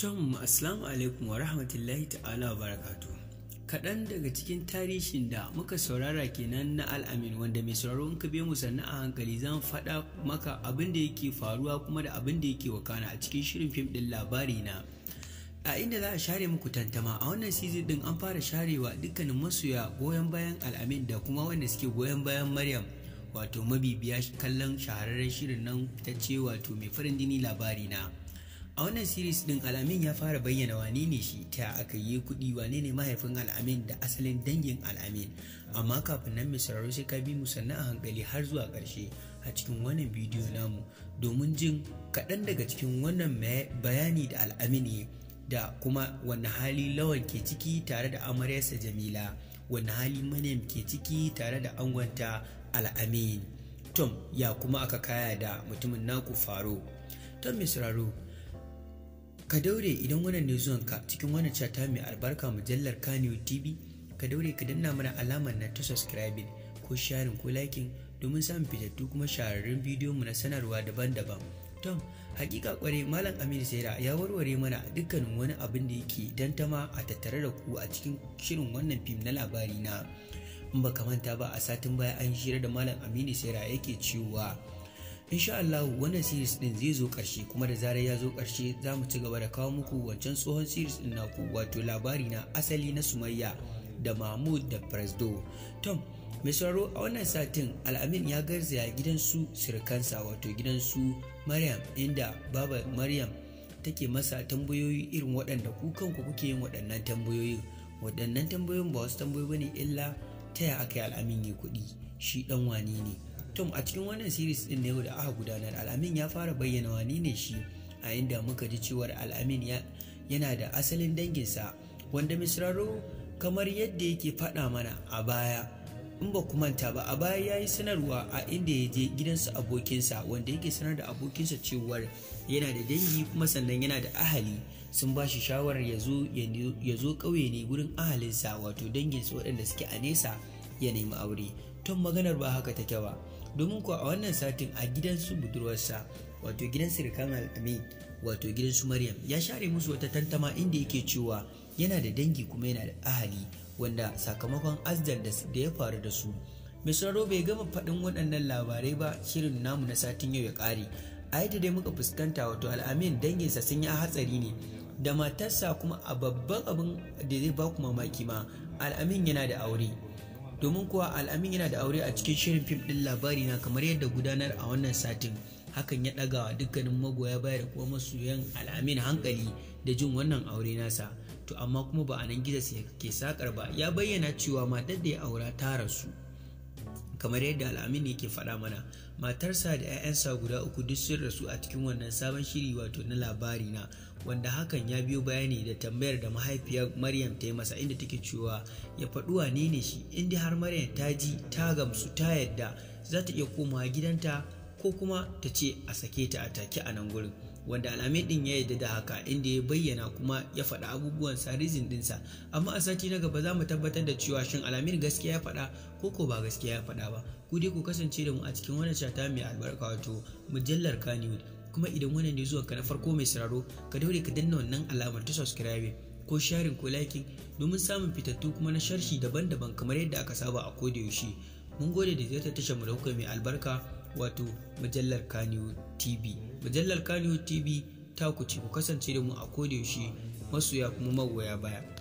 Tom, Assalamu alaikum wa rahmatullahi ta'ala wa barakatu. Kaɗan daga cikin tarihin da muka saurara kenan na al'amin wanda mai sauraro in ka biyo mu sannan a hankali zan faɗa maka abin da yake faruwa kuma da abin da yake wakana a cikin shirin fim ɗin labari na. A inda za a share muku tantama a wannan season ɗin an fara sharewa dukkanin masoya goyon bayan al'amin da kuma wanda suke goyon bayan Maryam wato mabibiya kallon shahararren shirin nan ta ce wato mai farin jini labari na. a wannan series din al'amin ya fara bayyana wane ne shi ta aka yi kuɗi wane ne mahaifin al'amin da asalin dangin al'amin amma kafin nan mr sai ka bi mu sannan a hankali har zuwa karshe a cikin wannan bidiyo namu domin jin kaɗan daga cikin wannan bayani da al'amin ne da kuma wani hali lawan ke ciki tare da amaryarsa jamila wani hali Manem ke ciki tare da angonta al'amin tom ya kuma aka kaya da mutumin naku faro tom misraru ka daure idan wannan ne zuwanka cikin wannan cata mai albarka mujallar kaniyo tv ka daure ka danna mana alamar na ta subscribing ko sharing ko liking domin samun fitattu kuma shahararrun bidiyon mu na sanarwa daban-daban tom hakika kware malam aminu saira ya warware mana dukkanin wani abin da yake tama a tattare da ku a cikin shirin wannan fim na labari na in ba manta ba a satin baya an shira da malam aminu saira yake cewa insha Allah wannan series din zai zo karshe kuma da zarar ya zo karshe za mu ci gaba da kawo muku wancan tsohon series din naku wato labari na asali na Sumayya da Mahmud da Presdo Tom mai sauraro a wannan satin al'amin ya garzaya gidansu sirkansa wato gidansu Maryam inda baba Maryam take masa tambayoyi irin waɗanda ku kanku kuke yin waɗannan tambayoyi waɗannan tambayoyin ba wasu tambayoyi ne illa taya aka yi al'amin ya kuɗi shi ɗan wani ne tom a cikin wannan series din ne da aka gudanar al'amin ya fara bayyana wani ne shi a inda muka ji cewar al'amin yana da asalin danginsa wanda misraro kamar yadda yake faɗa mana a baya in ba ku manta ba a baya ya yi sanarwa a inda ya je gidansa abokinsa wanda yake sanar da abokinsa cewar yana da dangi kuma sannan yana da ahali sun ba shi shawarar ya zo ƙauye ne wurin ahalinsa wato danginsa waɗanda suke a nesa ya nemi aure tun maganar ba haka take ba domin kuwa a wannan satin a gidansu budurwarsa wato gidan sirikan al'ami wato gidan su maryam ya share musu wata tantama inda yake cewa yana da dangi kuma yana da ahali wanda sakamakon azdar da ya faru da su mai sauraro bai gama faɗin waɗannan labarai ba shirin namu na satin yau ya ƙare a yadda dai muka fuskanta wato al'amin danginsa sun yi a hatsari ne da matarsa kuma a babban abin da zai baku mamaki ma al'amin yana da aure domin kuwa al'amin yana da aure a cikin shirin fim din labari na kamar yadda gudanar a wannan satin hakan ya ɗagawa dukkanin magoya baya da kuma masoyan al'amin hankali da jin wannan aure nasa to amma kuma ba a nan gizo ke sakar ba ya bayyana cewa matar da ya aura ta rasu kamar yadda al'amin ke faɗa mana matarsa da 'ya'yansa guda uku duk sun rasu a cikin wannan sabon shiri wato na labari na wanda hakan ya biyo bayani da tambayar da mahaifiyar maryam ta yi masa inda take cewa ya faɗuwa wane ne shi inda har maryam ta ji ta gamsu ta yadda za ta iya komawa gidanta ko kuma ta ce a sake ta a take a nan gurin wanda alamai din ya yadda da haka inda ya bayyana kuma ya faɗa abubuwan sa rizin dinsa amma a sati na gaba za mu tabbatar da cewa shin alamin gaskiya ya faɗa ko ko ba gaskiya ya faɗa ba ku dai ku kasance da mu a cikin wani shata mai albarka wato mujallar kaniwood kuma idan wannan ne zuwa ka na farko mai sauraro ka daure ka danna wannan alamar ta subscribe ko sharing ko liking domin samun fitattu kuma na sharhi daban-daban kamar yadda aka saba a kodayaushe mun gode da ziyartar tashar mu da kuka mai albarka wato mujallar kaniyo TV. Mujallar kaniyo TV ta ku ce ku kasance da mu a yaushe masoya kuma magoya baya.